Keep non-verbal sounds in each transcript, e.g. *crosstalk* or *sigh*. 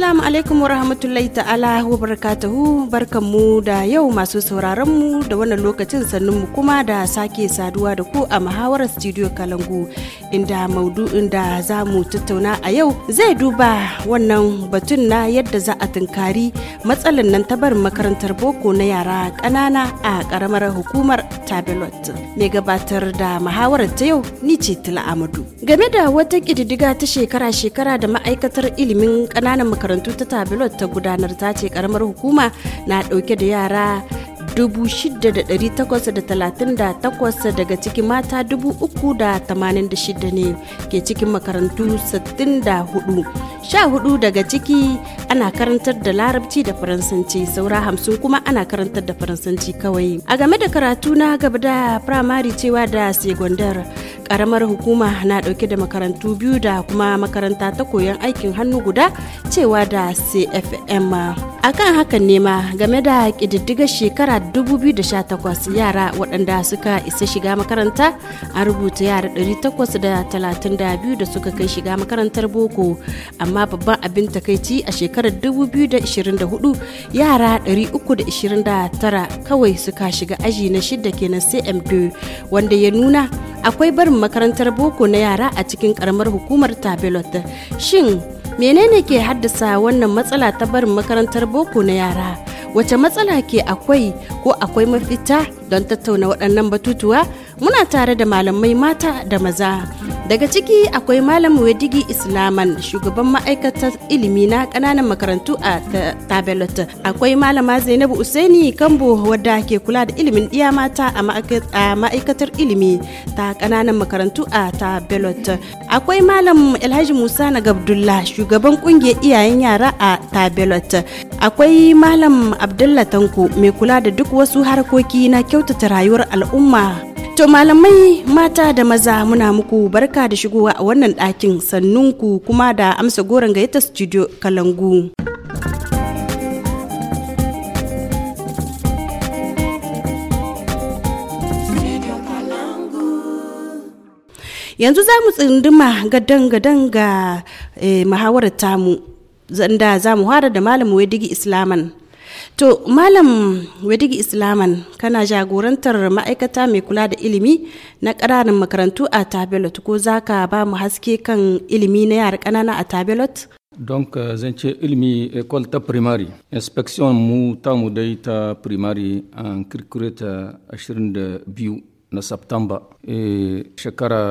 Assalamu alaikum wa rahmatullahi ta'ala wa barakatuhu barkanmu da yau masu sauraronmu da wannan lokacin sannunmu kuma da sake saduwa da ku a muhawarar studio Kalangu inda maudu'in da za mu tattauna a yau zai duba wannan batun na yadda za a tunkari matsalin nan ta bar makarantar boko na yara ƙanana a karamar hukumar Tabelot. Mai gabatar da muhawarar ta yau ni ce Tila Amadu. Game da wata ƙididdiga ta shekara-shekara da ma'aikatar ilimin ƙananan makarantar makarantu ta tabilot ta gudanar ta ce karamar hukuma na ɗauke da yara 6,838 daga cikin mata 3,086 ne ke cikin makarantu 64 hudu daga ciki ana karantar da larabci da faransanci saura hamsin kuma ana karantar da faransanci kawai a game da karatu na gaba da firamare cewa da segondar karamar hukuma na dauke da makarantu biyu da kuma makaranta ta koyon aikin hannu guda cewa da cfm a akan hakan nema game da ƙididdigar shekara 2018 yara waɗanda suka isa shiga makaranta an rubuta yara 832 da suka kai shiga makarantar boko amma babban abin takaici a shekarar 2024 yara 329 kawai suka shiga aji na shida kenan cm2 wanda ya nuna akwai barin makarantar boko na yara a cikin karamar hukumar tabelot shin menene ke haddasa wannan matsala ta barin makarantar boko na yara wace matsala ke akwai ko akwai mafita don tattauna waɗannan batutuwa muna tare da malamai mata da maza daga ciki akwai malam wedigi islaman shugaban ma'aikatar ilimi na ƙananan makarantu a tabelot akwai malama zainabu usaini kambo wadda ke kula da ilimin ɗiya mata a ma'aikatar ilimi ta ƙananan makarantu a tabelot akwai malam alhaji musa na gabdulla shugaban ƙungiyar iyayen yara a tabelot akwai malam Abdullatanku mai kula da duk wasu harkoki na kyau kyautata rayuwar al'umma To malamai mata da maza muna muku barka da shigowa a wannan ɗakin sannunku kuma da amsa goron gayyata studio Kalangu. Yanzu za mu tsinduma gadan-gadan ga eh, muhawarar tamu, zanda za mu hara da malam Wedigi Islaman. To Malam Wadigi Islaman kana jagorantar ma'aikata mai kula da ilimi na ƙananan makarantu a Tabelot ko za ka ba mu haske kan ilimi na yara ƙanana a Tabelot? donc euh, zan ce ilimi école ta primary inspection mu ta mu dai ta primary an kirkire ta 22 na septamba e shekara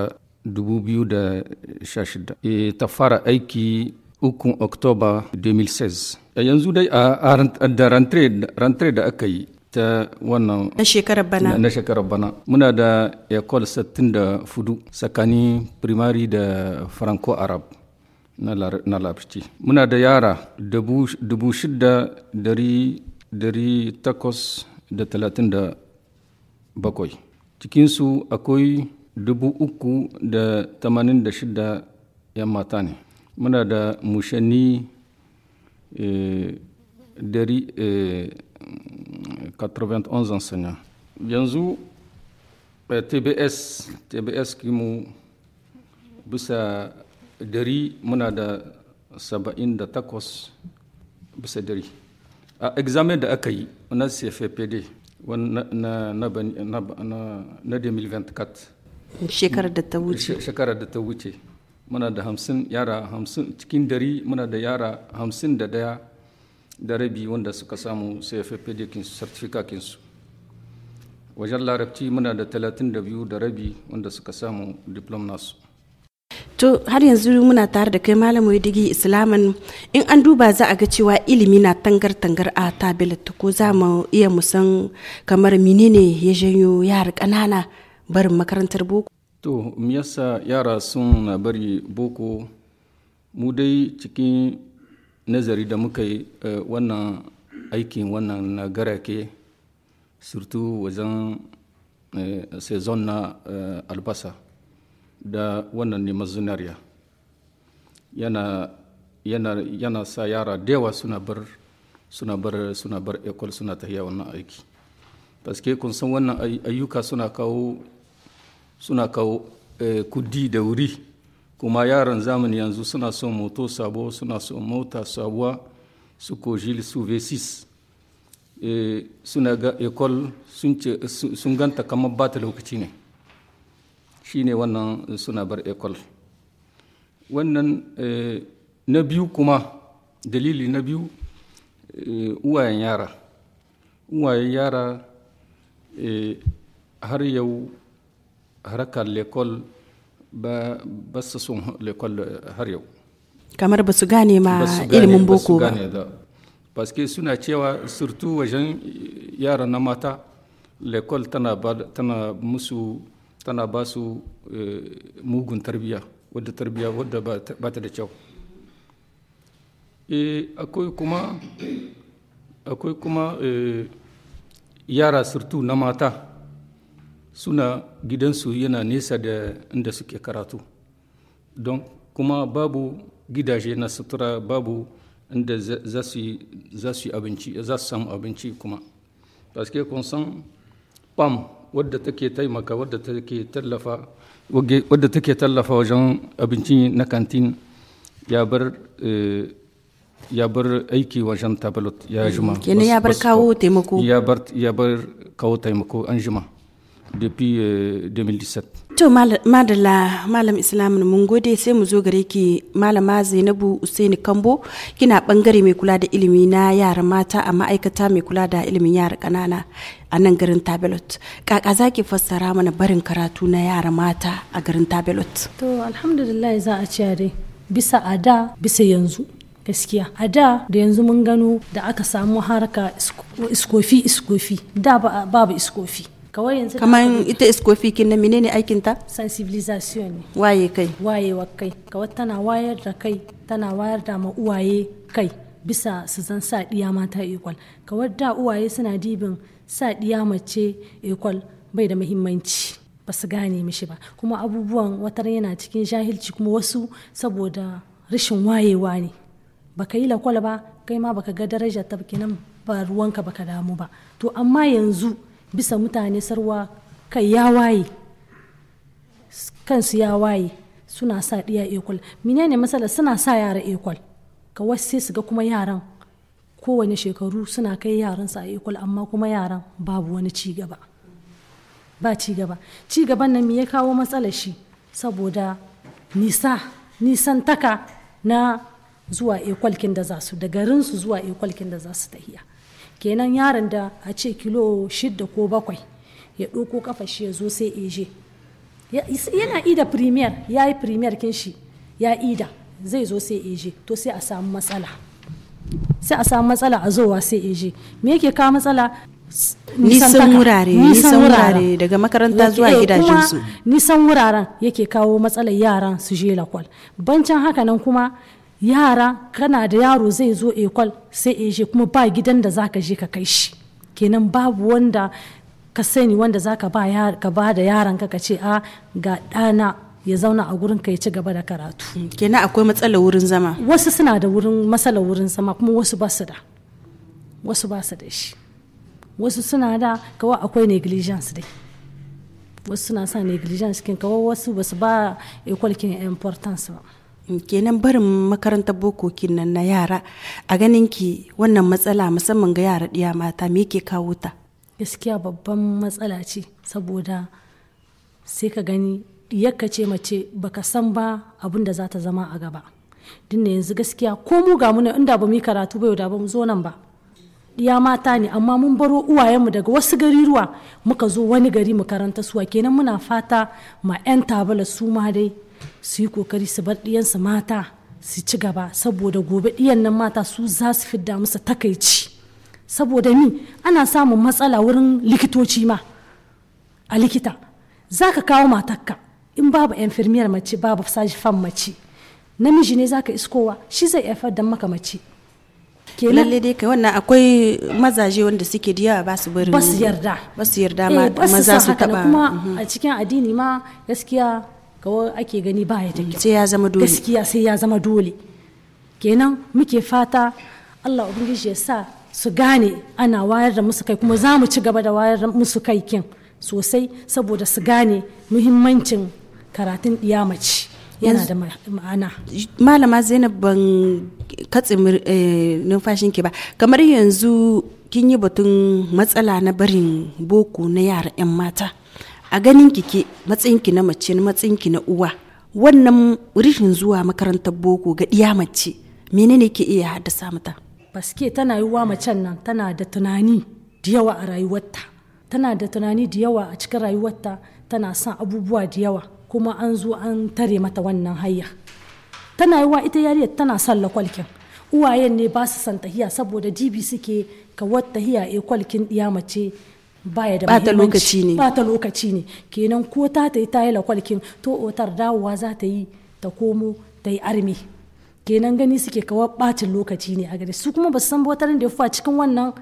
2016 e ta fara aiki ukun oktoba 2016 a eh, yanzu dai a da rantre da aka yi ta wannan na shekarar bana na shekarar bana muna da ecole 64 tsakanin primary da franco arab na labarci muna da yara dubu shida dari takwas da talatin da bakwai cikinsu akwai dubu da tamanin da shida 'yan mata ne muna da mushanni 91 eh, eh, enseignants yanzu eh, tbs tbs kimu bisa dari muna da 78 bisa dari a examen da aka yi na cfpd na, na, na, na 2024 da ta wuce shekarar da ta wuce muna da hamsin yara hamsin cikin dari muna da yara hamsin da daya da rabi wanda suka samu cfpd kinsu certificate kinsu wajen larabci muna da talatin da biyu da rabi wanda suka samu diplom nasu to har yanzu muna tare da kai malamai digi islaman in an duba za a ga cewa ilimi na tangar-tangar a tablet ko za mu iya musan kamar menene ya janyo yara ƙanana barin makarantar boko to me yara sun bari boko mu dai cikin nazari da muka yi eh, wannan aikin wannan na garake surtu wajen eh, sezon na eh, albasa da wannan neman zinariya yana, yana, yana sa yara da yawa suna bar suna bar suna bar ekol suna tahiya wannan aiki paske kun san wannan ayyuka suna kawo suna kawo eh, kudi da wuri kuma yaran zamani yanzu suna son moto sabo suna son mota sabuwa su kojil su v6 eh, suna ga ekol sun ganta kamar ba ta lokaci ne shi ne wannan suna bar ekol wannan eh, na biyu kuma dalili na biyu uwayen yara uwayen yara har yau harkar lekol ba su sun lekol har yau kamar ba su gane ma ilimin boko ba paske suna cewa surtu wajen yara na mata lekol tana musu tana ba su mugun tarbiya wadda tarbiya wadda ba ta da kyau akwai kuma akwai kuma yara surtu na mata suna gidansu yana nesa da inda suke karatu don kuma babu gidaje na sutura babu inda za su abinci za su samu abinci kuma paske kun san pam wadda take taimaka wadda take tallafa wadda take tallafa wajen abinci na kantin ya bar eh, ya bar aiki wajen tablet ya jima kenan ya bar kawo taimako ya bar kawo taimako an jima depuis euh, 2017. To madalla malam Islam mun gode sai mu zo gare ki malama Zainabu Usaini Kambo kina bangare mai kula da ilimi na yara mata a ma'aikata mai kula da ilimin yara kanana a nan garin Tabelot. Kaka zaki fassara mana barin karatu na yara mata a garin Tabelot. To alhamdulillah za a ci dai bisa a da bisa yanzu. gaskiya a da da yanzu mun gano da aka samu harka iskofi iskofi da babu iskofi kawai yanzu kamar ita iskofi kin na ne aikin ta sensibilisation ne waye kai wayewa kai kawai tana wayar da kai tana wayar da ma uwaye kai bisa su zan sa diya mata ikwal kawai da uwaye suna dibin sa diya mace ikwal bai da muhimmanci ba su gane mishi ba kuma abubuwan watar yana cikin jahilci kuma wasu saboda rashin wayewa ne baka yi lakwal ba kai ma baka ga darajar ta kenan ba ruwanka baka damu ba to amma yanzu bisa mutane sarwa kai ya waye kansu ya waye suna sa ɗiya ekwal ne matsala suna sa yara ekwal ka wasu sai su ga kuma yaran kowane shekaru suna kai yaransu a ekwal amma kuma yaran babu wani ci gaba ba ci gaba ci gaban nan me ya kawo matsalar shi saboda nisa nisan taka na zuwa ekwalkin da za su da garinsu zuwa ekwalkin da za su tahiya kenan yaron da a ce kilo shidda ko bakwai ya ɗauko kafa shi ya zo sai eje yana ida premier ya yi premier kin shi ya ida zai zo sai eje to sai a samu matsala sai a samu matsala a zowa sai eje me yake kawo matsala nisan wurare nisan wurare daga makaranta zuwa eh, gidajensu nisan wuraren yake kawo matsalar yaran su je lakwal bancan haka nan kuma yara kana da yaro zai zo ekol sai ya je kuma ba gidan da zaka je ka kai shi kenan babu wanda ka sani wanda zaka ba ka ba da yaran ka ce a ah, ga ɗana ya zauna a gurin ka ya ci gaba da karatu mm, kenan akwai matsalar wurin zama wasu suna da wurin matsalar wurin zama kuma wasu ba su da wasu ba su da shi wasu suna da kawai akwai negligence dai wasu suna sa negligence kin kawai wasu ba su ba equal kin importance ba kenan barin makarantar bokokin nan na yara a ganin ki wannan matsala musamman ga yara ɗiya mata me ke kawo ta gaskiya babban matsala ce saboda sai ka gani yakka ce mace baka san ba abin da za ta zama a gaba din yanzu gaskiya ko mu ga muna inda ba mu yi karatu ba da ba mu zo nan ba ya mata ne amma mun baro uwayenmu daga wasu gariruwa muka zo wani gari mu karanta suwa kenan muna fata ma 'yan tabala su ma dai su yi kokari su bar ɗiyansu mata su ci gaba saboda gobe ɗiyan nan mata su za su fidda musu takaici saboda mi ana samun matsala wurin likitoci ma a likita za ka kawo matakka in babu infirmiyar mace babu saji fan mace namiji ne za ka iskowa shi zai haifar da maka mace kenan lalle dai kai wannan akwai mazaje wanda suke da yawa ba su barin ba su yarda ba su yarda eh, maza su taba kuma mhm. a cikin addini ma gaskiya kawai ake gani ba ya tafi sai ya zama dole gaskiya sai ya zama dole kenan muke fata Allah ubangiji ya sa su gane ana wayar da musu kai kuma za mu ci gaba da wayar da musu kai kin sosai saboda su gane muhimmancin karatun mace yana da ma'ana malama zainab ban katse eh, numfashin ki ba kamar yanzu kin yi batun matsala na barin boko na yara 'yan mata a ganin kike matsayinki na mace matsayinki na uwa wannan rishin zuwa makarantar boko ga ɗiya mace menene ke iya haddasa mata baske tana yi wa macen nan tana da tunani da yawa a rayuwarta tana da tunani da yawa a cikin rayuwarta tana son abubuwa da yawa kuma an zo an tare mata wannan hayya tana yi wa ita yariyar tana son lakwalkin uwayen ne ba su son tahiya saboda dibi suke ka wata tahiya e kwalkin ɗiya mace baya da bata lokaci ne bata lokaci ne kenan ko ta ta yi ta yi lakwalkin to otar dawowa za ta yi ta komo ta yi armi kenan gani suke kawo bacin lokaci ne a gare su kuma ba su san botarin da ya fa cikin wannan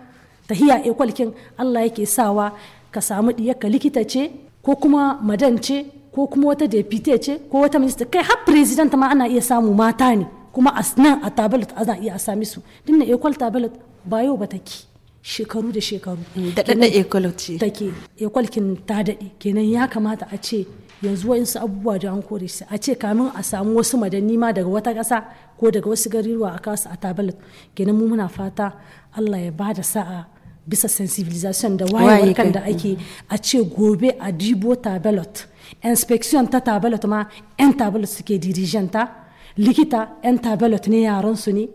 ta hiya tahiya kwalkin Allah yake sawa ka samu diyarka likita ce ko kuma madan ce ko kuma wata deputy ce ko wata minista kai har president ma ana iya samu mata ne kuma a nan a tablet ana iya a sami su dinna ekwal tablet ba yau ba take shekaru da shekaru mm, da ɗanɗan ekwal da take ekwal ta daɗe kenan ya kamata a ce yanzu wa'insu abubuwa da an kore su a ce kamin a samu wasu madanni ma daga wata ƙasa ko daga wasu garuruwa a kasu a tabalat kenan mu muna fata allah ya bada sa'a bisa sensibilisation da wayewar kan da ake a ce gobe a dibo tabalot inspection ta tabalot ma 'yan tabalot suke dirijanta likita 'yan tabalot ne yaran su ne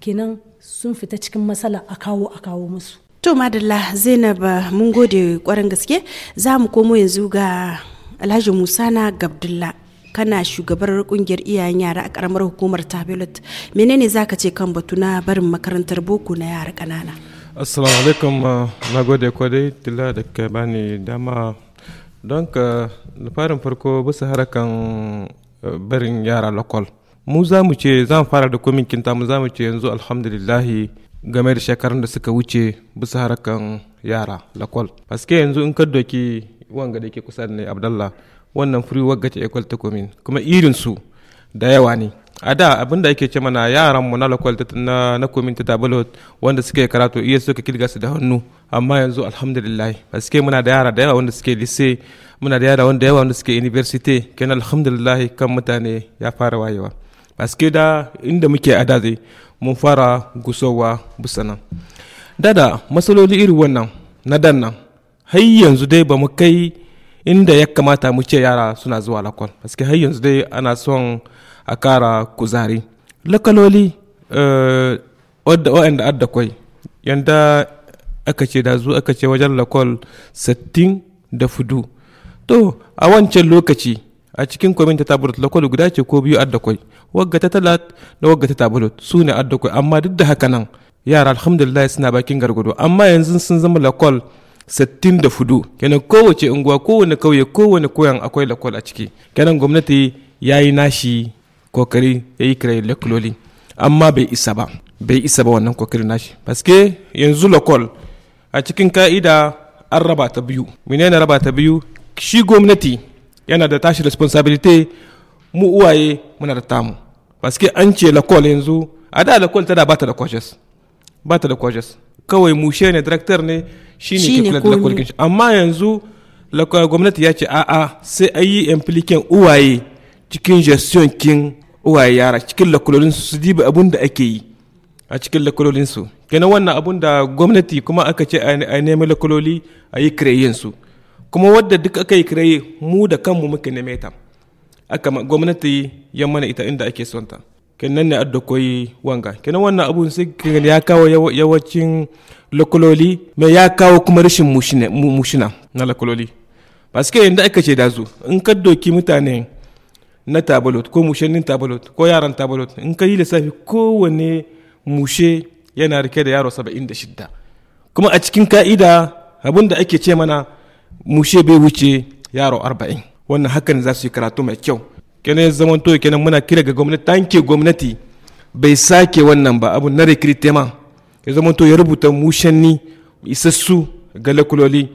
kenan sun fita cikin matsala a kawo a kawo musu to madalla zainab mun gode kwarin gaske za mu komo yanzu ga alhaji musa na gabdulla kana shugabar kungiyar iyayen yara a karamar hukumar tablet menene ka ce kan batu na barin makarantar boko na yara kanana assalamu alaikum na gode kwadai tila da ka bani dama don ka farko bisa harakan eh, barin yara lokal mu za mu ce zan fara da komin kinta mu za mu ce yanzu alhamdulillahi game da shekarun da suka wuce bisa harkan yara lakwal paske yanzu in ka doki wanga da ke kusa da ne abdallah wannan furi wagga ce ekwal ta komin kuma irin su da yawa ne a da abin da ake ce mana yaran mu na lakwal na na komin ta tabalo wanda suke karatu iya suka kilga su da hannu amma yanzu alhamdulillah paske muna da yara da yawa wanda suke lise muna da yara wanda yawa wanda suke university kenan alhamdulillah kan mutane ya fara wayewa que da inda muke a daze mun fara gusowa bisa dada matsaloli iri wannan na dan nan har yanzu dai ba mu kai inda ya kamata mu ce yara suna zuwa lakon que har yanzu dai ana son a kara kuzari lakaloli eh, da adda kwai yanda aka ce da zu aka ce wajen lakol 60 da fudu to a wancan lokaci a cikin kwamin ta tabalut lakwal guda ce ko biyu addakwai wagga ta talat da wagga ta tabulut su ne addakwai amma duk da haka nan yara alhamdulillah suna bakin gargado amma yanzu sun zama lakwal sittin da fudu kenan kowace unguwa kowane kauye kowane koyan akwai lakwal a ciki kenan gwamnati ya yi nashi kokari ya yi kirayi lekuloli amma bai isa ba bai isa ba wannan kokari nashi paske yanzu lakwal a cikin ka'ida an raba ta biyu menene raba ta biyu shi gwamnati yana da tashi responsibility mu uwaye muna da tamu parce que an ce lakol yanzu a da lakol tana bata da ba bata da kwashes kawai mushe ne director ne shine ke kula da lakol amma yanzu gwamnati ya ce a'a sai a yi impliken uwaye cikin gestion kin uwaye yara cikin lakololinsu su diba abun da ake yi a cikin lakololinsu kenan wannan abun da gwamnati kuma aka ce a nemi lakololi a yi kireyensu kuma wadda duk aka yi kirai mu da kanmu muka neme ta aka gwamnati ya mana ita inda ake son ta kenan ne adda koyi wanga kenan wannan abun sai ya kawo yawancin lokololi mai ya kawo kuma rashin mushina na lokololi ba su yadda aka ce dazu in ka doki mutane na tabalot ko mushenin tabalot ko yaran tabalot in ka yi lissafi kowane mushe yana rike da yaro 76 kuma a cikin ka'ida abin da ake ce mana mushe bai wuce yaro arba'in wannan hakan za su yi karatu mai kyau kene zaman to kenan muna kira ga gwamnati tanke gwamnati bai sake wannan ba abu na rekritema ya zaman to ya rubuta mushanni isassu ga lakuloli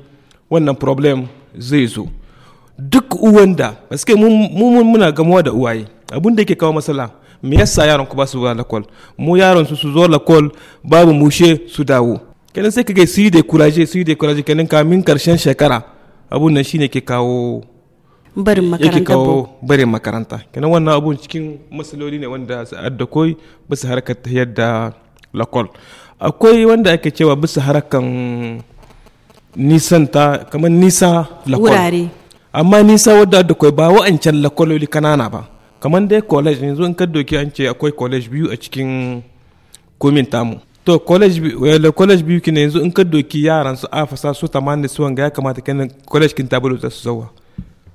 wannan problem zai zo duk uwan da paske mun muna gamuwa da uwaye abun da yake kawo matsala me yasa yaron ku ba su zuwa lakol mu yaron su su zo lakol babu mushe su dawo kenan sai kaga su yi dekuraje su yi dekuraje kenan kamin karshen shekara abun nan shine ke kawo barin makaranta yake kawo barin makaranta kenan wannan abun cikin masaloli ne wanda sa'ad da koi bisa harkar ta yadda lakol akwai wanda ake cewa bisa harkan nisan ta kamar nisa lakol wurare amma nisa wadda da koi ba wa'ancan lakololi kanana ba kamar dai college yanzu in ka doki an ce akwai college biyu a cikin komin tamu to college le eh, college biyu kina yanzu in ka doki yaran su sa su tamanin su wanga ya kamata kenan college kin tabulu ta su zawa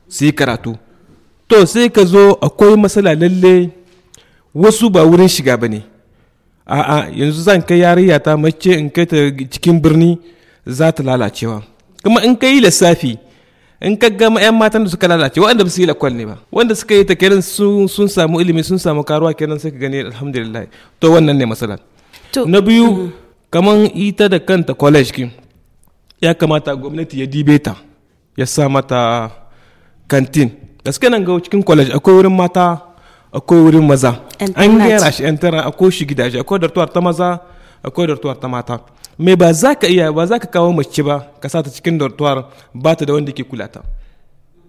su yi karatu to sai ka zo akwai matsala lalle wasu ba wurin shiga ba ne a'a yanzu zan kai yarinya ta mace in kai ta cikin birni za ta lalacewa kuma in ka yi lissafi in ka gama 'yan matan da suka lalace waɗanda ba su yi lakwal ne ba wanda suka yi ta kenan sun samu ilimi sun samu karuwa kenan sai ka gani alhamdulillah to wannan ne matsala. na biyu mm. kamar ita da kanta college kin ya kamata gwamnati ya dibe ta ya sa mata kantin gaske nan ga cikin college akwai wurin mata akwai wurin maza an gyara shi yan tara akwai shi gidaje akwai dartuwar ta maza akwai dartuwar ta mata me ba za ka iya ba za ka kawo mace ba ka sa ta cikin dartuwar ba ta da wanda ke kula ta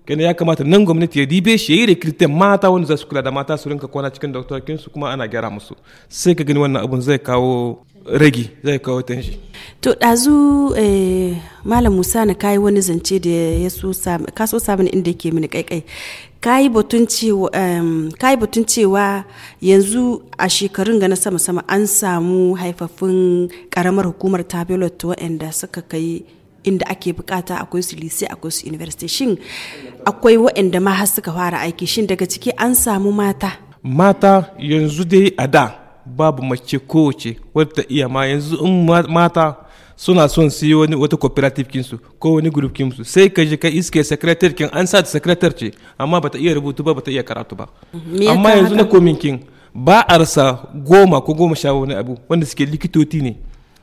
kene ya kamata nan gwamnati ya dibe shi ya yi rekritin mata wanda za su kula da mata su rinka kwana cikin kin su kuma ana gyara musu sai ka gani wannan abun zai kawo ragi zai kawo tanshi to ɗazu eh, malam musa na kayi wani zance da ya so ka so samun inda yake mini kaikai kayi batun cewa yanzu a shekarun ga na sama-sama an samu haifafin karamar hukumar tabelot waɗanda suka kai inda ake bukata akwai su lise akwai su university shin akwai waɗanda ma har suka fara aiki shin daga ciki an samu mata mata yanzu dai a da babu mace kowace wadda iya ma yanzu in mata suna son su yi wani wata cooperative kinsu ko wani group kinsu sai ka je ka iske secretary kin an sa secretary ce amma bata iya rubutu ba bata iya karatu ba mm-hmm. amma yanzu na komin kin ba a rasa goma ko goma sha wani abu wanda suke likitoti ne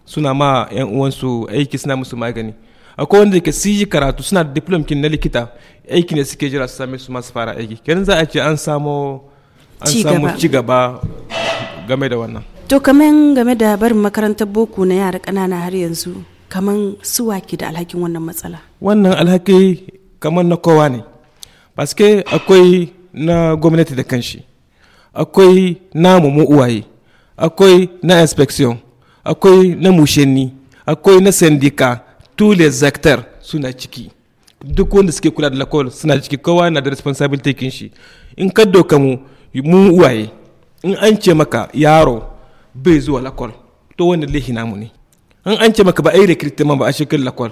suna ma 'yan uwansu aiki suna musu magani akwai wanda ke su yi karatu suna da diplom kin na likita aiki ne suke jira su same su masu fara aiki kenan za a ce an samo an samu ci gaba game da wannan to kaman game da barin makarantar boko na yara ƙanana har yanzu kaman suwa ke da alhakin wannan matsala wannan alhaki kaman na kowa ne paske akwai na gwamnati da kanshi akwai na mu uwaye akwai na inspection akwai na mushenni akwai na sendika tous les acteurs suna ciki duk wanda suke kula da lakol suna ciki kowa na da responsibility kin shi in ka doka mu mu uwaye in an ce maka yaro bai zuwa lakol to wannan laifi namu ne in an ce maka ba ai recruitment ba a shekarun lakol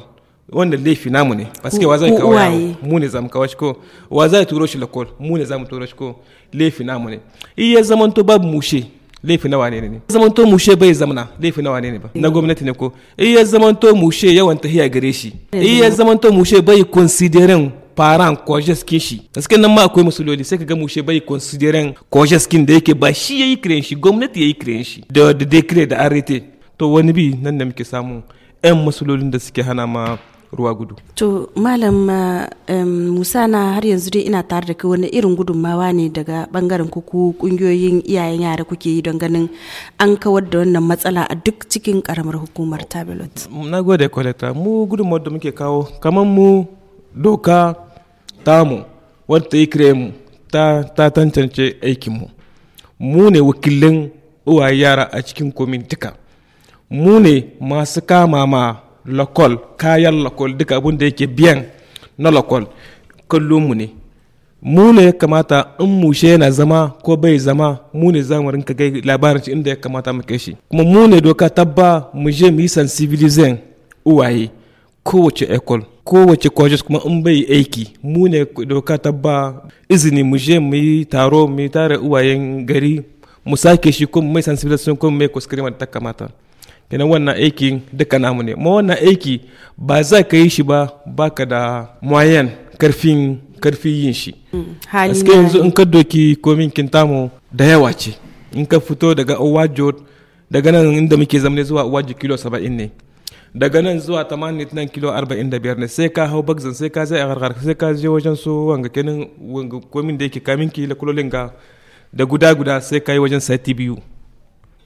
wannan laifi namu ne paske wa zai kawo yaro mu ne zamu kawo shi ko wa zai turo shi lakol mu ne zamu turo shi ko laifi namu ne iya zamanto babu mushe laifi na wane ne zamanto mushe bai zamana laifi na wane ne ba na gwamnati ne ko iya zamanto mushe yawan tahiya gare shi iya zamanto mushe bai considering faran kojeskin shi gaskiya nan ma akwai musuloli sai ka ga mushe bai considering kojeskin da yake ba shi yayi kiran shi gwamnati yayi kiran shi da da decree da arete to wani bi nan da muke samu yan musulolin da suke hana ma ruwa gudu to malam uh, um, musa na har yanzu dai ina tare da kai wani irin gudunmawa ne daga bangaren kuku kungiyoyin iyayen yara kuke yi don ganin an kawar da wannan matsala a duk cikin karamar hukumar tablet na gode collector mu gudunmawar da muke kawo kamar mu doka tamu wadda ta yi kire mu ta, ta tantance aikinmu mu ne wakilin uwaye yara a cikin komintika mu ne masu kama ma lokol kayan lokol duka abin da yake biyan na lokol kallon mu ne mu ne ya kamata in mushe yana zama ko bai zama mu ne za mu rinka gai labarin inda ya kamata mu kai shi kuma mu ne doka tabba mu je mu yi sensibilizing uwaye kowace ekol kowace colleges kuma in bai aiki mu ne doka tabba izini mu je mu yi taro mu yi tare uwayen gari mu sake shi kuma mai sensibilization kuma mai kuskure da ta kamata kenan wannan aikin duka namu ne ma wannan aiki ba za ka yi shi ba baka da mayan karfin karfi yin shi mm, haske yanzu in ka doki komin kintamu da yawa ce in ka fito daga uwajo daga nan inda muke zamne zuwa uwajo kilo saba'in ne daga nan zuwa tamanin nan kilo arba'in da biyar ne sai ka hau bagzan sai ka zai a gargar sai ka je wajen su wanga kenan wanga komin da yake kamin ki da kulolin ga da guda guda sai ka yi wajen sati biyu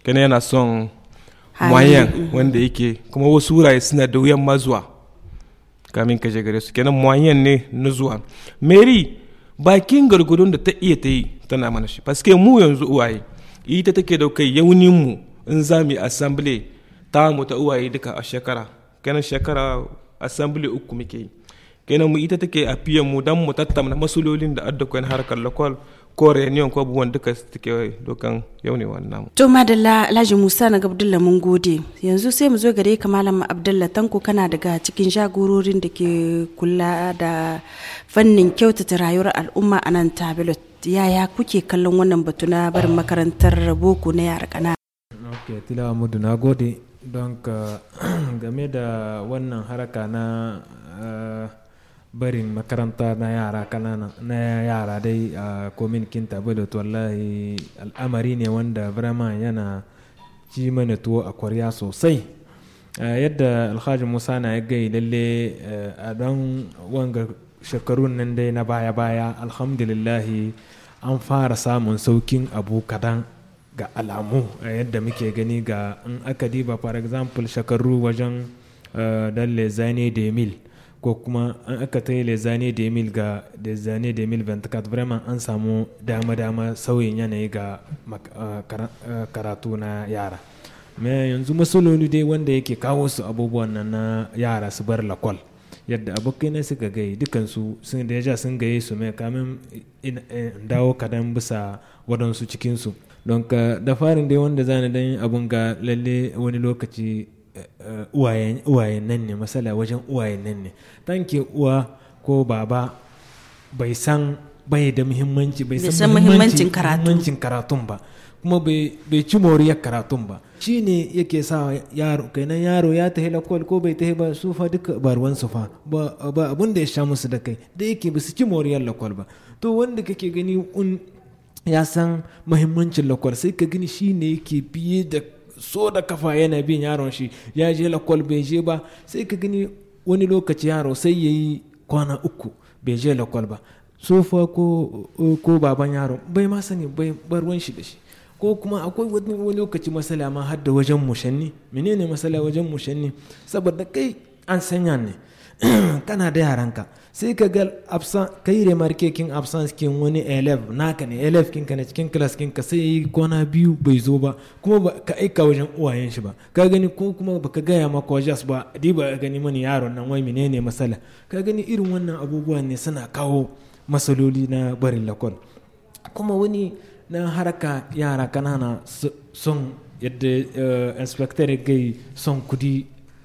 kenan yana son mayan wanda yake kuma wasu wurare suna da wuyan ma zuwa kamin kashe gare su kenan mayan ne na zuwa mary bakin gargudun da ta iya ta yi tana mana shi paske mu yanzu uwaye ita take da kai yaunin mu in za mu yi assembly ta mu ta uwaye duka a shekara kenan shekara assembly uku muke yi kenan mu ita take a fiye mu dan mu tattauna masulolin da addakwai harkar lokal kore ne ko abubuwan duka suke dokan yau ne wannan namu. To madalla Alhaji Musa na abdullahi mun gode. Yanzu sai mu zo gare ka Malam abdullahi Tanko kana daga cikin jagororin da ke kula da fannin kyautata rayuwar al'umma a nan Tabelot. Yaya kuke kallon wannan batu na barin makarantar boko na yara kana? Ok, Tila Amudu na gode. Don *clears throat* game da wannan haraka na eh, barin makaranta na yara kanana na yara dai a komin kinta bullet wallahi al'amari ne wanda vraiment yana ci mana tuwo a kwarya sosai yadda alhaji musa na ya gai lalle a don wanga shekarun nan dai na baya-baya alhamdulillah an fara samun saukin abu kadan ga alamu yadda muke gani ga in aka diba for example shekaru wajen dalle zane da mil ko kuma an aka ta yi zane da mil ga zane da mil vraiment an samu dama-dama sauyin yanayi ga karatu na yara me yanzu matsaloli dai wanda yake kawo su abubuwan nan na yara su bar lakol yadda abokai na suka gai dukansu sun da ya sun gaye su mai kamin in dawo kadan bisa wadansu cikinsu don ka da farin dai wanda zane dan abun ga lalle wani lokaci Eh, uwayen nan ne masala wajen uwayen nan ne tanke uwa ko baba bai san bai da muhimmanci bai san muhimmancin karatun ba kuma bai ci moriyar karatun ba shi ne yake sa yaro kenan yaro ya tahi lakwal ko bai tahi ba su fa duka barwan su fa ba abun da ya sha musu da kai da yake ba su ci moriyar lakwal ba to wanda kake gani ya san muhimmancin lakwal sai ka gani shi ne yake biye da so da kafa yana bin yaron shi ya je lakwal bai je ba sai ka gani wani lokaci yaro sai ya yi kwana uku bai je lakwal ba sofa ko ko baban yaron bai ma sani bai bar shi da shi ko kuma akwai wani lokaci masala ma har da wajen mushanni menene masala wajen mushanni saboda kai an sanya ne *clears throat* kana da yaranka sai ka ga yi remarke kin absence kin wani elef naka ne elef kinka ne cikin class ka sai kwana biyu bai zo ba kuma ba ka aika wajen uwayen shi ba ka gani ko kuma ka gaya ma kwajas ba di ba gani mani yaron nan wai ne matsala ka gani irin wannan abubuwa ne suna kawo masaloli na barin lakon kuma wani na haraka yara kanana son yadda eh, inspector gai son kudi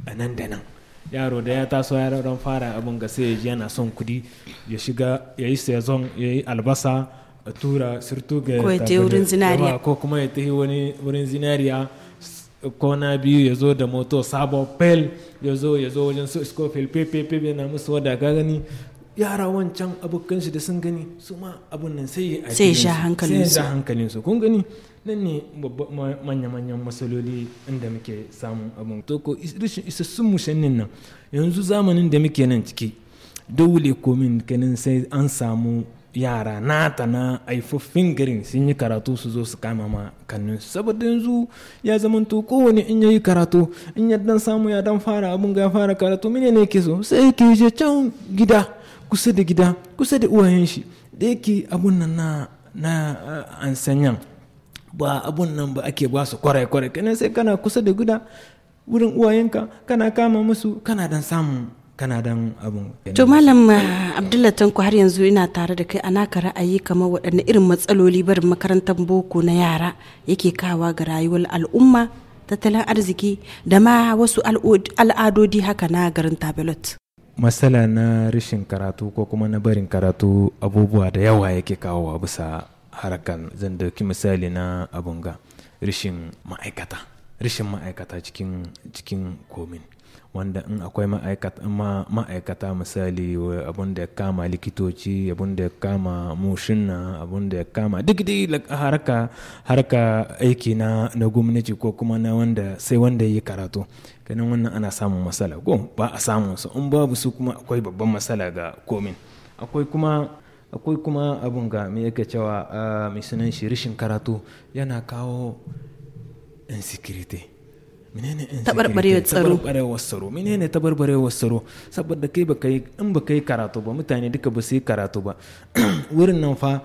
a nan da nan yaro da ya taso ya don fara abin ga sai ji yana son kudi ya shiga ya yi sezon ya yi albasa a tura sirtu ga wurin zinariya ko kuma ya tafi wani wurin zinariya na biyu ya zo da moto sabo pel ya zo ya zo wajen su pepepe na musu wadda ka gani yara wancan abokan shi da sun gani su ma abun nan sai ya sha hankalin su kun gani nan ne manya-manyan matsaloli inda muke samun abin to ko isassun mushannin nan yanzu zamanin da muke nan ciki dole komin kanin sai an samu yara nata na haifaffin garin sun yi karatu su zo su kama ma kannun saboda yanzu ya zamanto kowane in yi karatu in ya dan samu ya dan fara abun ga fara karatu mene ne ke so sai ke je can gida kusa da gida kusa da uwayen shi da yake abun nan na na eh, an sanyan ba abun nan ba ake ba su kwarai kwarai kana sai kana kusa da guda wurin uwayenka kana kama musu kana dan samun kana dan abun to malam uh, abdullahi tanko har yanzu ina tare da kai a naka ra'ayi kamar waɗanne irin matsaloli barin makarantar boko na yara yake kawa ga rayuwar al'umma tattalin arziki da ma wasu al'adodi haka na garin tabilot matsala na rashin karatu ko kuma na barin karatu abubuwa da yawa yake kawowa bisa harkar zan dauki misali na abunga ga rishin ma'aikata rishin ma'aikata cikin cikin komin wanda in akwai ma'aikata misali abun da ya kama likitoci abun da ya kama mushinna abun da ya kama duk dai haraka harka aiki na na gwamnati ko kuma na wanda sai wanda yi karatu ganin wannan ana samun matsala ko ba a samun su in babu su kuma akwai babban matsala ga komin akwai kuma akwai kuma abun ga me yake cewa ah, mai sunan shi rishin karatu yana kawo insecurity menene tabarbarewar tsaro tabarbarewar tsaro menene tabarbarewar tsaro saboda kai baka yi in baka yi karatu ba mutane duka ba su yi karatu ba *clears throat* wurin nan fa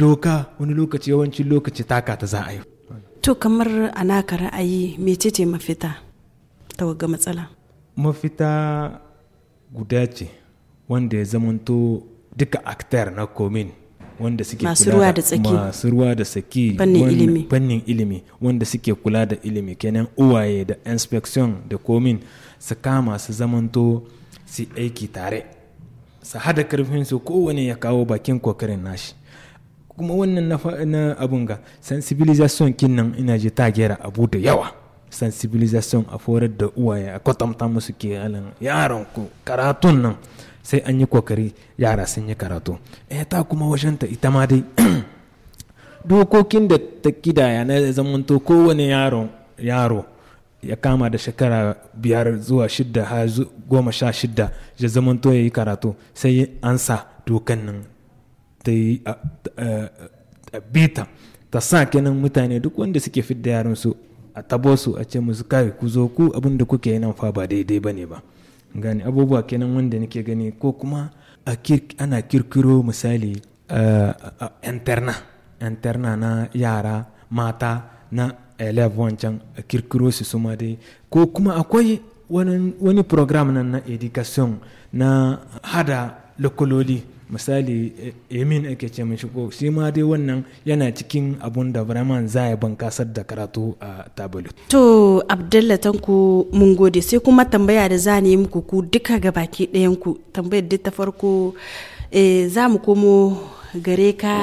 doka wani lokaci yawanci lokaci taka ta za a yi to kamar a naka ra'ayi mecece mafita ta waga matsala mafita guda ce wanda ya zamanto duka aktar na komin wanda suke masu ruwa da tsaki masu ruwa da tsaki fannin ilimi wanda suke kula da ilimi kenan uwaye da inspection da komin su kama su zamanto su aiki tare su hada karfin su kowane ya kawo bakin kokarin nashi kuma wannan na abun ga sensibilization kinnan ina ji ta gera abu da yawa sensibilization a forar da uwaye a kwatanta musu ke yaron ku karatun nan sai an yi kokari yara sun yi karatu eh, ta kuma wajenta ita ma dai *clears throat* dokokin da ta kidaya na zamanto kowane yaro yaro ya kama da shekara biyar zuwa shida har goma sha shidda ya zamanto ya yi karatu sai an sa dokan nan ta yi bita ta sa kenan mutane duk wanda suke fidda yaransu a tabo su a ce musu kai ku zo ku abin da kuke yi nan fa ba daidai ba ne ba gani abubuwa kenan wanda nake gani ko kuma ana kirkiro misali eh, interna interna na yara mata na elev wancan a kirkiro su suma dai ko kuma akwai wani program nan na education na hada lokololi misali emin eh, ake ce mishi ko shi ma dai wannan yana cikin abun da braman za ya bankasar da karatu a tabalu to abdullahi tanku mun gode sai kuma tambaya da za ne muku ku duka ga baki ɗayan ku tambayar duk ta farko eh, za mu komo gare ka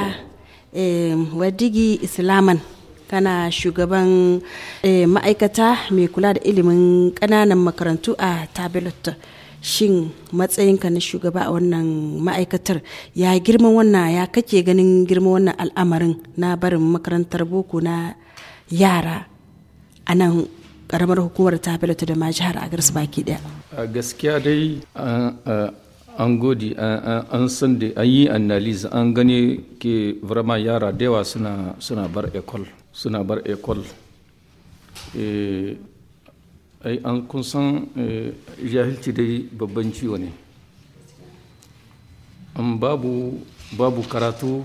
eh, wadigi islaman kana shugaban ma'aikata mai kula da ilimin ƙananan makarantu a tablet shin matsayinka na shugaba a wannan ma'aikatar ya girma wannan ya kake ganin girma wannan al'amarin na barin makarantar boko na yara a nan karamar hukumar ta belata da ma jihar agars baki daya a gaskiya dai an gode an san da an yi analysis an gane ke vraiment yara da yawa suna bar ekol suna bar ekol ai an kun san eh, jahilci dai babban ciwo ne an babu babu karatu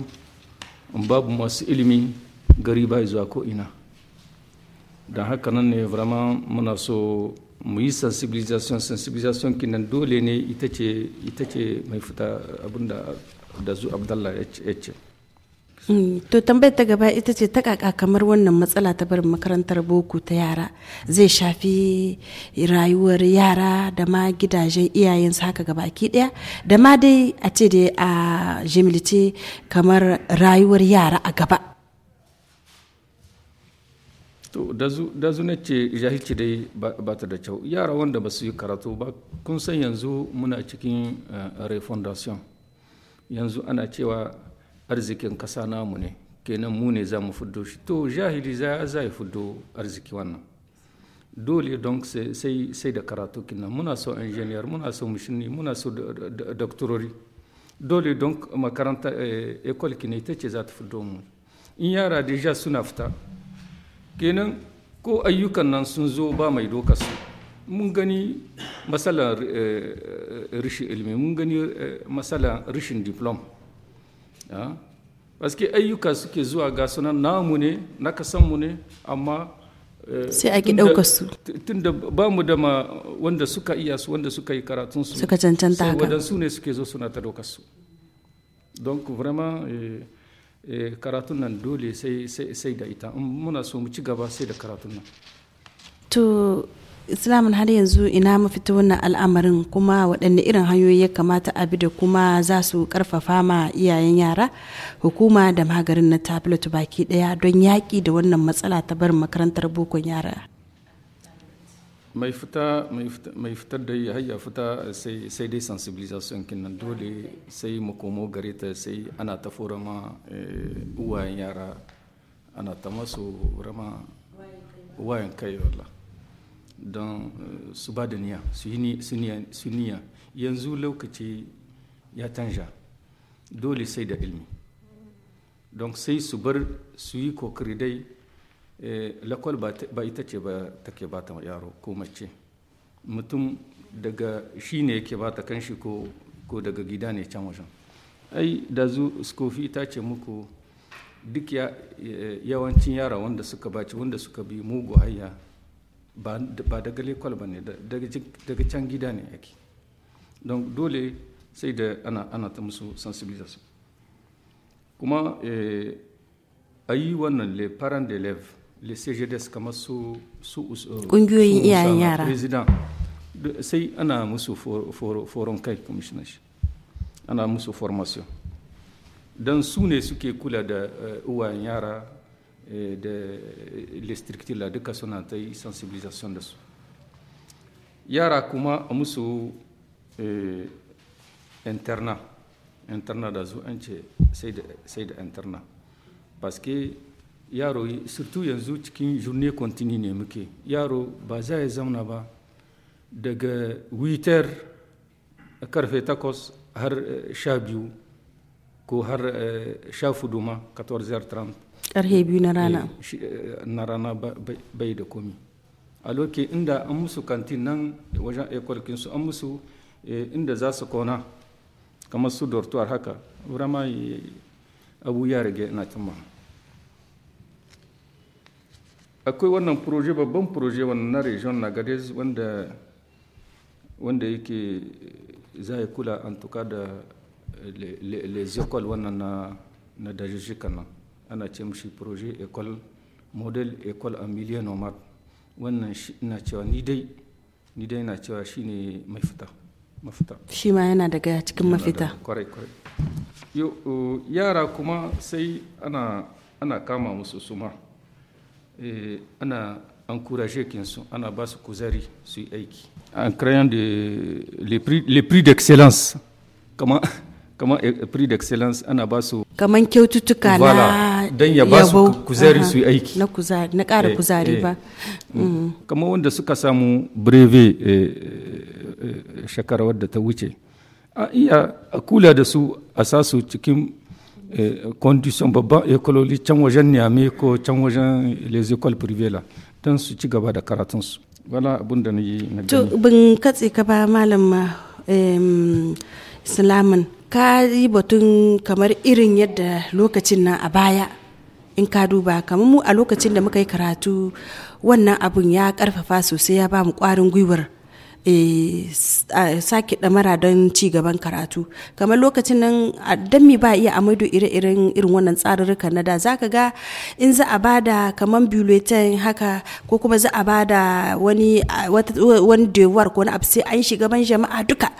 an babu masu ilimi gari bai zuwa ko'ina don haka nan ne vraiment muna so mu yi sensibilisation sensibilisation kinan dole ne ita ce mai fita abinda da zu abdallah ya ce Mm, to tambayar ta gaba ita ce ta kaka kamar wannan matsala ta barin makarantar boko ta yara zai shafi rayuwar yara da ma gidajen iyayensu haka gaba ki daya da ma dai a ce dai a jimilce kamar rayuwar yara a gaba to da zu ce jahilci dai ba ta da kyau yara wanda ba su yi karatu ba kun san yanzu muna cikin eh, refondation yanzu ana cewa arzikin ƙasa namu ne kenan mu ne za mu fuddo shi to jahili za yi fuddo arziki wannan dole don sai da karatu kinan muna so injiniyar muna so mashini muna so doktorori dole don makaranta ekol eh, kina ita ce za ta fito mu in yara deja suna fita kenan ko ayyukan nan sun zo ba mai doka su mun gani matsalar eh, eh, rishin ilimi mun gani matsalar rishin diploma parce que ayyuka suke zuwa ga sunan namu ne, na kasanmu ne, amma eh, sai ake ɗaukar su tun da ba mu da ma wanda suka iya su wanda suka yi karatun su suka cancanta haka wadan su ne suke zo suna ta ɗaukar su don ku vraiment eh, eh, karatun nan dole sai da ita muna so mu ci gaba sai da karatun nan to islamin har yanzu ina mafita wannan al'amarin kuma waɗanne irin hanyoyi ya kamata a bi da kuma za su karfafa ma iyayen yara hukuma da magarin na tablet baki ɗaya don yaƙi da wannan matsala ta barin makarantar bokon yara mai fita mai yi da hayya fita sai dai sensibilisation nan dole sai mu komo gare ta sai ana ta ma eh, uwayen yara ana ta masu rama wayan kai wallah don eh, su ba da niya, su yi niya-niya. yanzu lokaci ya tanja dole sai da ilmi don sai su bar su yi kokari dai eh, lakwal ba ita ce ba take ba ta yaro ko mace mutum daga shi ne yake ba ta kanshi ko daga gida ne can wajen ai da zu skofi ta ce muku duk eh, yawancin yara wanda suka baci wanda suka bi mugu haya. ba daga lekwal ba ne daga can gida ne yake don dole sai da ana ta musu sensibilisation kuma eh, a yi wannan le parent d'élève le cgds kamar su su kungiyoyin uh, iyayen yara president sai ana musu foron kai commissioner ana musu formation don su ne suke kula da eh, uwayen yara de, les structures duka suna ta sensibilisation da su yara kuma a musu euh, interna interna da zu an ce sai da interna parce que yaro surtout yanzu qui journée continue ne muke yaro ba za ya zauna ba daga 8 karfe 8 har 12 euh, ko har 14 ma 14h30 karhe eh, biyu na eh, rana eh, na rana bai da komi a loke inda an musu kantin nan wajen ekolkin su an musu inda za su kona kamar su dortuwar haka wurama abu ya rage na tumma akwai wannan proje babban proje wannan na region na gades wanda wanda yake za ya kula an tuka da lezikol wannan na dajijjikan nan ana ce mushi projet école modèle école en milieu nomade wannan na cewa ni dai ni dai na cewa shine mafita mafita shi ma yana daga cikin mafita kwarai kwarai yara kuma sai ana ana kama musu suma eh, ana encourager kinsu ana ba su kuzari su aiki en créant de, les prix, les prix d'excellence comment *laughs* comment eh, prix d'excellence ana ba su kaman kyaututtuka voilà. na don ya ba su kuzari su aiki na eh, kuzari na eh. kuzari ba mm. Mm. kama wanda suka samu breve eh, shekara wadda ta wuce a iya kula da su a sa su cikin condition babban ekololi can wajen niame ko can wajen les écoles privées la don su ci gaba da karatunsu wala abun da na yi to bin katse ka ba malam islamin ka yi batun kamar irin yadda lokacin nan a baya in ka duba kamar mu a lokacin da muka yi karatu wannan abun ya karfafa sosai ya ba mu kwarin gwiwar eh, sake ɗamara don ci gaban karatu kamar lokacin nan don mi ba iya amaido ire-iren irin wannan tsarurruka na da za ka ga in za a da kamar bulletin haka ko kuma za a bada wani wani dewar ko wani abu sai an shiga ban jama'a duka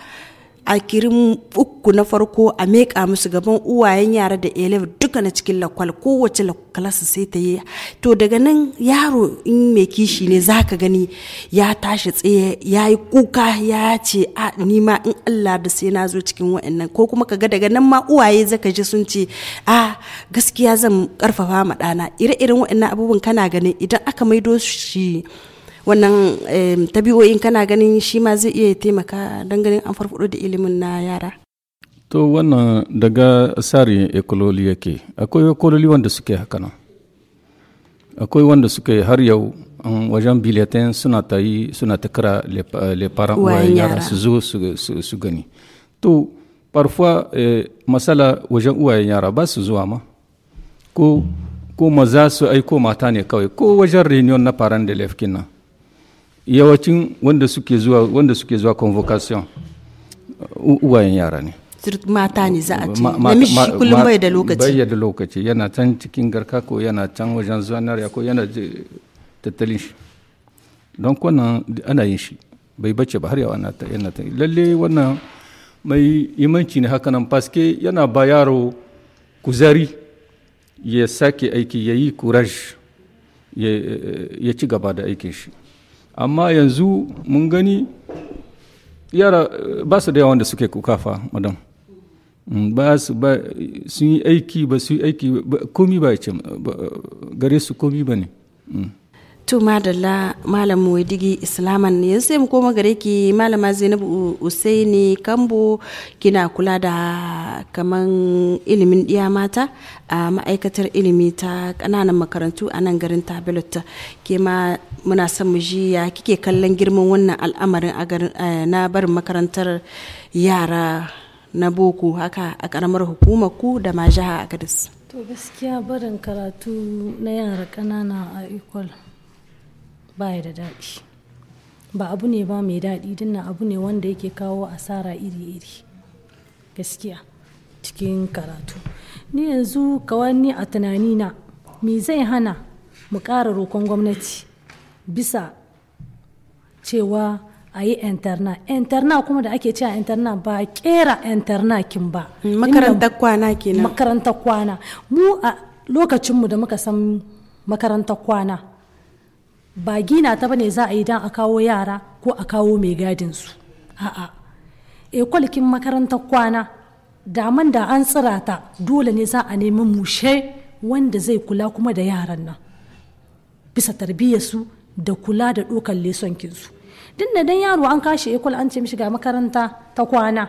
a kirin uku na farko a meka musu gaban uwayen yara da elef duka na cikin lakwal kowace lakwalasa sai ta yi to daga nan yaro in mai kishi ne za ka gani ya tashi tsaye ya yi kuka ya ce a nima in allah da sai na zo cikin wa'annan ko kuma ka ga daga nan ma uwaye zaka ji sun ce a gaskiya zan karfafa ma ɗana ire-iren wa'annan abubuwan kana ganin idan aka maido shi wannan tabi'o'in kana ganin shi ma zai iya taimaka don ganin an farfado da ilimin na yara to wannan daga tsari ekololi yake akwai ekololi wanda suke haka nan akwai wanda suke har yau wajen biletin suna ta yi suna ta kira lefaran yara su zo su gani to parfois eh, masala wajen uwayen yara ba su zuwa ma ko maza su aiko mata ne kawai ko wajen reunion na faran da lefkin nan yawancin wanda suke zuwa wanda suke zuwa convocation uwayen yara ne mata ne za a ce namiji shi kullum bai da lokaci bai da lokaci yana can cikin garka ko yana can wajen zanariya ko yana tattalin shi don kuna ana yin shi bai bace ba har yawa na ta yana ta lalle wannan mai imanci ne haka nan paske yana ba yaro kuzari ya sake aiki ya yi courage ya ci gaba da aikin shi amma yanzu mun gani yara ba su da yawan da suke kukafa fa madam mm, ba su ba sun yi aiki ba su yi aiki komi ba ce gare su komi ba ne mm. to madalla malam digi islaman ne yanzu sai mu koma gare ki malama zainabu usaini kambo kina kula da kaman ilimin diya mata a ma'aikatar ilimi ta ƙananan makarantu a nan garin tabelot ke ma muna son mu ji ya kike kallon girman wannan al'amarin eh, na barin makarantar yara na boko haka a karamar hukumar ku da ma jiha a gadis to gaskiya barin karatu na yara ƙanana a ikwal baya da daɗi ba abu ne ba mai daɗi dinnan abu ne wanda yake kawo asara iri-iri gaskiya cikin karatu ni yanzu kawani a a tunanina me zai hana mu ƙara roƙon gwamnati bisa cewa a yi interna interna kuma da ake cewa interna ba kera interna kin ba mm, makarantar kwana kenan makarantar kwana mu a lokacinmu da muka san makarantar kwana ba gina ta bane za a yi don a kawo yara ko a kawo mai gadin su a'a e makarantar kwana daman da an tsira dole ne za a nemi mushe wanda zai kula kuma da yaran nan bisa tarbiyyar su da kula da ɗaukar kinsu duk da dan yaro an kashe ekol an ce mishi ga makaranta ta kwana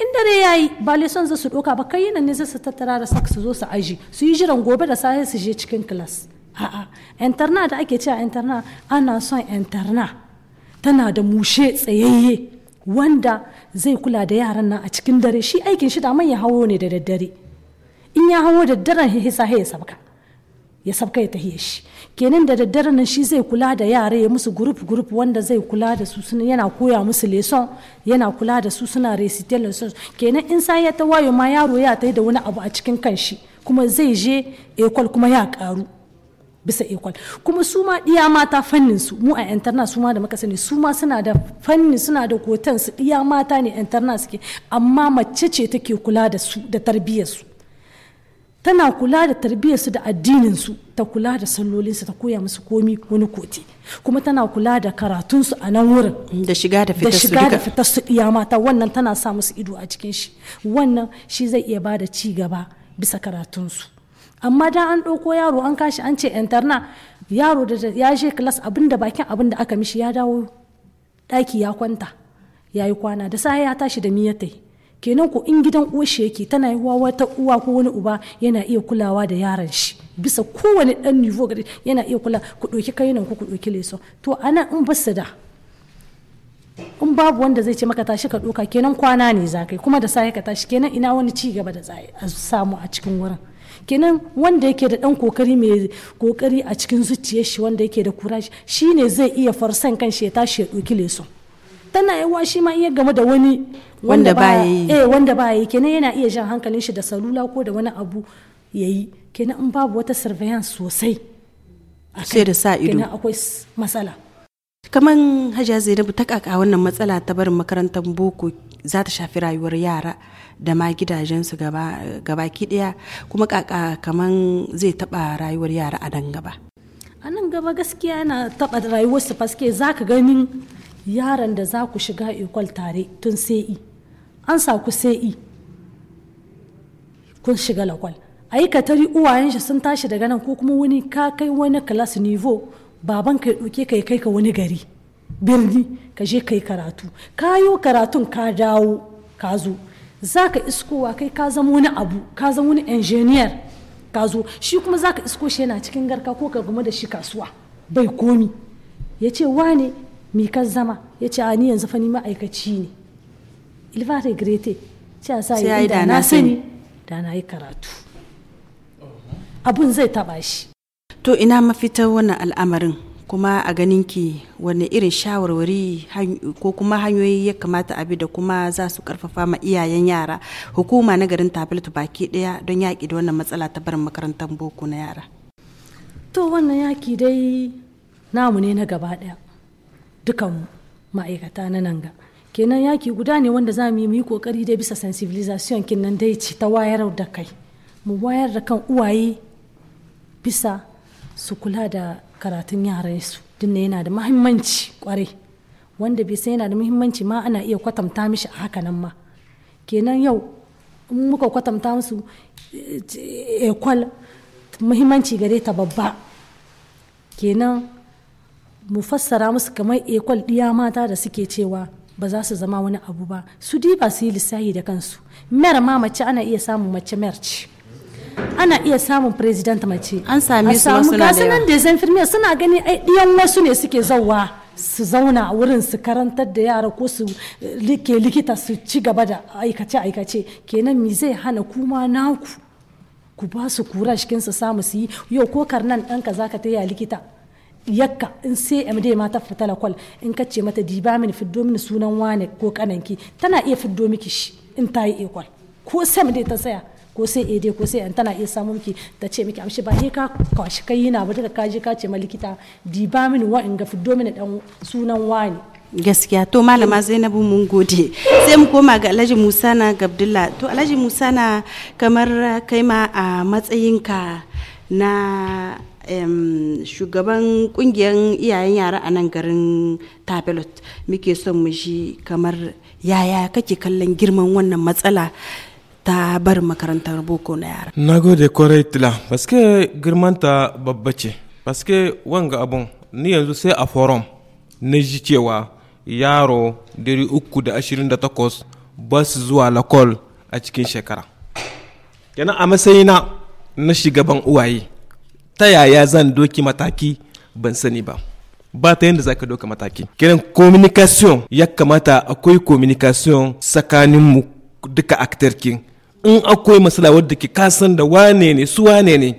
in dare ya yi ba leson za su ɗauka ba kai ne za su tattara da sak su zo su aji su yi jiran gobe da safe su je cikin kilas a'a interna da ake cewa interna ana son interna tana da mushe tsayayye wanda zai kula da yaran nan a cikin dare shi aikin shi da man ya hawo ne da daddare in ya hawo da daren hisa ya sabka ya sabka ya tahiye shi kenan da daddare nan shi zai kula da yare ya musu gurup gurup wanda zai kula da su suna yana koya musu leson yana kula da su suna recital lessons kenan in sai ya ta wayo ma yaro ya tai da wani abu a cikin kanshi kuma zai je ekol kuma ya karu bisa ekol kuma su ma diya mata fannin su mu a interna su ma da muka sani su ma suna da fanni suna da kotan su diya mata ne interna suke amma mace ce take kula da su da tarbiyyar su tana kula da tarbiyyarsu da addininsu ta kula da sallolinsu ta koya musu komi wani koti kuma tana kula da karatunsu a nan wurin da shiga da fitar su da fitar su mata wannan tana sa musu ido a cikin shi wannan shi zai iya ba da ci gaba bisa karatunsu amma da an ɗauko yaro an kashi an ce interna yaro da ya je kilas abin bakin abin da aka mishi ya dawo ɗaki ya kwanta ya yi kwana da safe ya tashi da miyatai kenan ko in gidan uwa shi yake tana yi wata uwa ko wani uba yana iya kulawa da yaron shi bisa kowane dan nivo gari yana iya kula ku ɗauki nan ku ku ɗauki leso to ana in basu da in babu wanda zai ce maka tashi ka ɗauka kenan kwana ne za kai kuma da sai ka tashi kenan ina wani ci gaba da za samu a cikin wurin kenan wanda yake da dan kokari mai kokari a cikin zuciyar shi wanda yake da kurashi shine zai iya farsan kan shi ya tashi ya ɗauki leso tana yawa shi ma iya game da wani wanda ba yi eh, yi kenan yana iya jan hankalin shi da salula ko da wani abu ya yi kenan in babu wata surveillance sosai sai da sa ido kenan akwai matsala kaman hajiya zainabu ta kaka wannan matsala ta barin makarantar boko za ta shafi rayuwar yara da ma gidajensu gaba daya kuma kaka kaman zai taba rayuwar yara a nan gaba a nan gaba gaskiya na taba rayuwarsu faske za ka ganin yaran da za ku shiga ikwal tare tun sai an sa ku sai kun shiga lakwal a yi katari uwayen shi sun tashi daga nan ko kuma wani ka kai wani class nivo baban ka ɗauke ka kai ka wani gari birni ka je ka yi karatu ka yi karatun ka dawo ka zo za ka iskowa kai ka zama wani abu ka zama wani injiniyar ka zo shi kuma za ka isko shi yana cikin garka ko ka gama da shi kasuwa bai komi ya ce ne. mi ka zama ya ce ni yanzu fa ni ma'aikaci ne ilva regrete ce a sa yi da na sani da na yi karatu abun zai taba shi to ina mafita wannan al'amarin kuma a ganin ki wani irin shawarwari ko kuma hanyoyi ya kamata abi da kuma za su karfafa ma iyayen yara hukuma na garin tabilatu baki daya don yaƙi da wannan matsala ta barin makarantar boko na yara to wannan yaƙi dai namu ne na gaba daya dukan ma'aikata na nan ga kenan yaki guda ne wanda za mu yi muyi kokari dai bisa sensibilisation kin nan dai ci ta wayar da kai mu wayar da kan uwaye bisa su kula da karatun yaran su dinne yana da muhimmanci kwarai wanda bai san yana da muhimmanci ma ana iya kwatanta mishi a haka nan ma kenan yau in muka kwatanta musu ekwal eh, eh, muhimmanci gare ta babba kenan mu fassara musu kamar ekol ɗiya mata da suke cewa ba za su zama wani abu ba su di ba su yi lissahi da kansu mayar ma mace ana iya samun mace mayar ana iya samun president mace an sami su wasu na da da zan firme suna gani ai ɗiyan wasu ne suke zauwa su zauna a wurin su karantar da yara ko su eh, ke likita su ci gaba da aikace aikace kenan mi zai hana kuma naku ku ba su kura cikin su samu su yi yau ko karnan ɗanka zaka taya likita yakka in sai a ma ta fita kwal in ka ce mata diba mini fiddo mini sunan wane ko kananki tana iya fiddo miki shi in ta yi ekwal ko sai dai ta tsaya ko sai e dai ko sai tana iya samu miki ta ce miki amshi ba he ka kwashi kai yana ba daga kaji ka ce ma likita diba mini in ga fiddo mini dan sunan wane gaskiya to malama zainabu mun gode sai mu koma ga alhaji musa na gabdulla to alhaji musa na kamar kai ma a matsayinka na shugaban kungiyar iyayen yara a nan garin tabelot muke son mu shi kamar yaya kake kallon girman wannan matsala ta bar makarantar boko na yara na gode kwarai tila paske ta babba ce paske wanga abun ni yanzu sai a forum na ji cewa yaro dari uku da da ashirin takwas ba su zuwa lakol a cikin shekara kenan a matsayina na shugaban uwaye ta yaya zan doki mataki ban sani ba ba ta yadda za ka doka mataki kiran communication ya kamata akwai communication tsakaninmu duka aktarkin in akwai matsala wadda ke kasan da wane ne su wane ne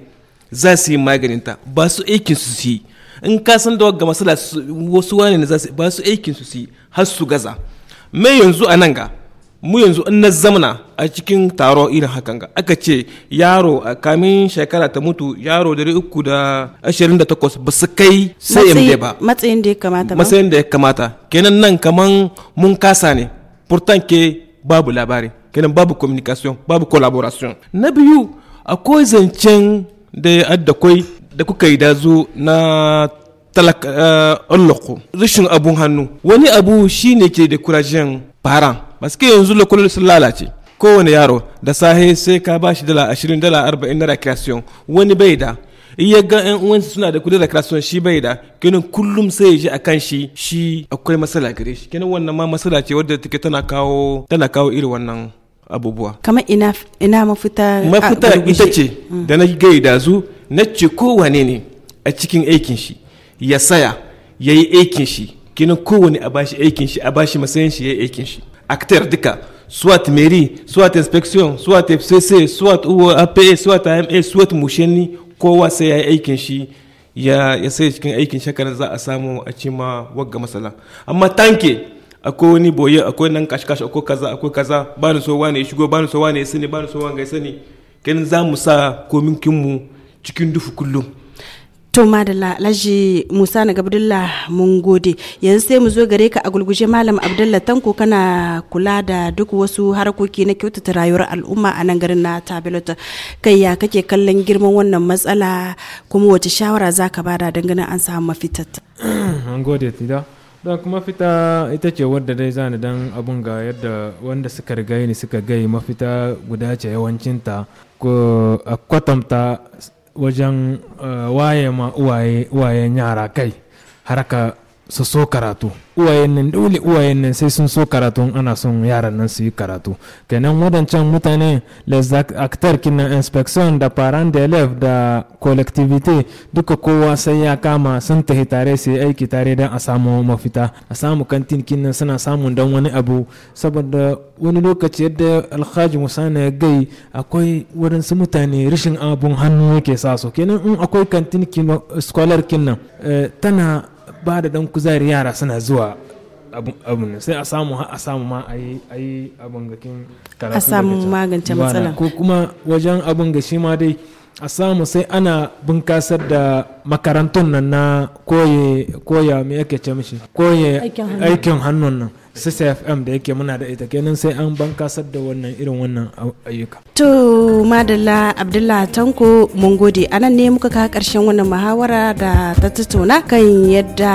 za su yi maganinta ba su aikin su yi in kasan da wagga matsala wasu wane ne za su ba su aikin su yi har su gaza mai yanzu a nan ga mu yanzu in na zamana a cikin taro irin hakan ga aka ce yaro a kamin shekara ta mutu yaro dari uku da ashirin da takwas ba su kai da ba matsayin da ya kamata matsayin da ya kamata kenan nan kaman mun kasa ne pourtant ke babu labari kenan babu communication babu collaboration na biyu akwai zancen da adda kwai da kuka yi dazu na talaka uh, rashin abun hannu wani abu shine ke da kurajen faran que yanzu lokaloli sun lalace kowane yaro da sahe sai ka bashi dala ashirin dala arba'in na recreation wani bai da iya ga yan uwansa suna da kudi recreation shi bai da kenan kullum sai ya ji a kan shi shi akwai matsala gare shi kenan wannan ma matsala ce wadda take tana kawo tana kawo irin wannan abubuwa kamar ina ina mafita mafita ita ce mm. da na gaida zu na ce kowane ne a cikin aikin shi ya saya ya yi aikin shi kenan kowane a bashi aikin shi a bashi matsayin shi ya aikin shi actor duka swat mary swat inspection swat fcc swat apa swat ama swat mushenni kowa sai ya yi aikin shi ya ya sai cikin aikin shakar za a samu a cima wagga masala amma tanke akwai wani boye akwai nan kashi akwai kaza akwai kaza ba ni so wane ya shigo ba ni so wane ya sani ba ni so wane ya sani kenan za mu sa kominkin mu cikin dufu kullum To Madalla Laji Musa na Gabdulla mun gode. Yanzu sai mu zo gare ka a gulguje Malam Abdullah Tanko kana kula da duk wasu harkoki na kyautata rayuwar al'umma a nan garin na Tabilota. Kai ya kake kallon girman wannan matsala kuma wace shawara za ka bada dangane an samu mafita an *clears throat* gode Tida. da kuma fita ita ce wadda dai zani dan abun ga yadda wanda suka riga ni suka gai mafita guda ce yawancinta ko a kwatanta wajen eh, waye ma wayen yara kai haraka su so karatu uwayen nan dole uwayen sai sun so karatu ana son yaran nan su yi karatu kenan wadancan mutane les aktar kinan inspection da parent da elef da collectivité duka kowa sai ya kama sun tahi tare su aiki tare don a samu mafita a samu kantin kinan suna samun don wani abu saboda wani lokaci yadda alhaji musa na gai akwai wadansu mutane rashin abun hannu yake sa su kenan in akwai kantin scholar kinan eh, tana ba da dan kuzari yara suna zuwa abun sai a samu a samu ma a yi abun gakin karatu a samu magance matsalan ko kuma wajen abun gashi ma dai a samu sai ana bunkasar da makarantun nan na koya me yake ce mishi koye aikin hannun nan ccfm da yake muna da ita kenan sai an ban kasar da wannan irin wannan ayyuka to madalla abdullah tanko mun gode anan ne muka kawo karshen wannan muhawara da ta tattauna kan yadda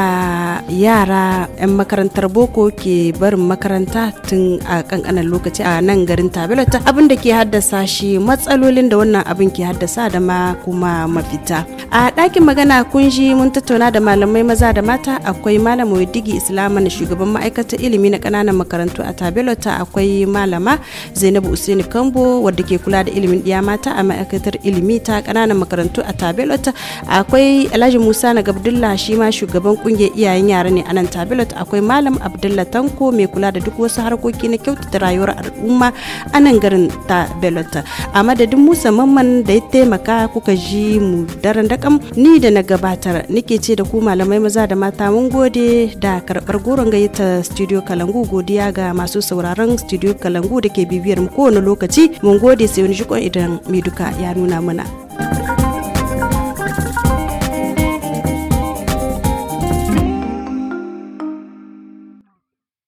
yara 'yan makarantar boko ke barin makaranta tun a kankanan lokaci a nan garin tabelata abin da ke haddasa shi matsalolin da wannan abin ke haddasa da ma kuma mafita a ɗakin magana kunshi mun tattauna da malamai maza da mata akwai malamai digi islama na shugaban ma'aikatar ilimi na kananan makarantu a tabelota akwai malama zainabu usaini kambo wadda ke kula da ilimin ɗiya mata a ma'aikatar ilimi ta kananan makarantu a tabelota akwai alhaji musa na gabdulla shi ma shugaban kungiyar iyayen yara ne anan tabelot akwai malam abdulla tanko mai kula da duk wasu harkoki na kyautata rayuwar al'umma a nan garin tabelota a madadin musa mamman da ya taimaka kuka ji mu daren dakam ni da na gabatar nike ce da ku malamai maza da mata mun gode da karɓar goron gayyata studio kalangu godiya ga masu sauraron studio kalangu da ke bibiyar mu kowane lokaci mun gode sai wani idan mai duka ya nuna mana.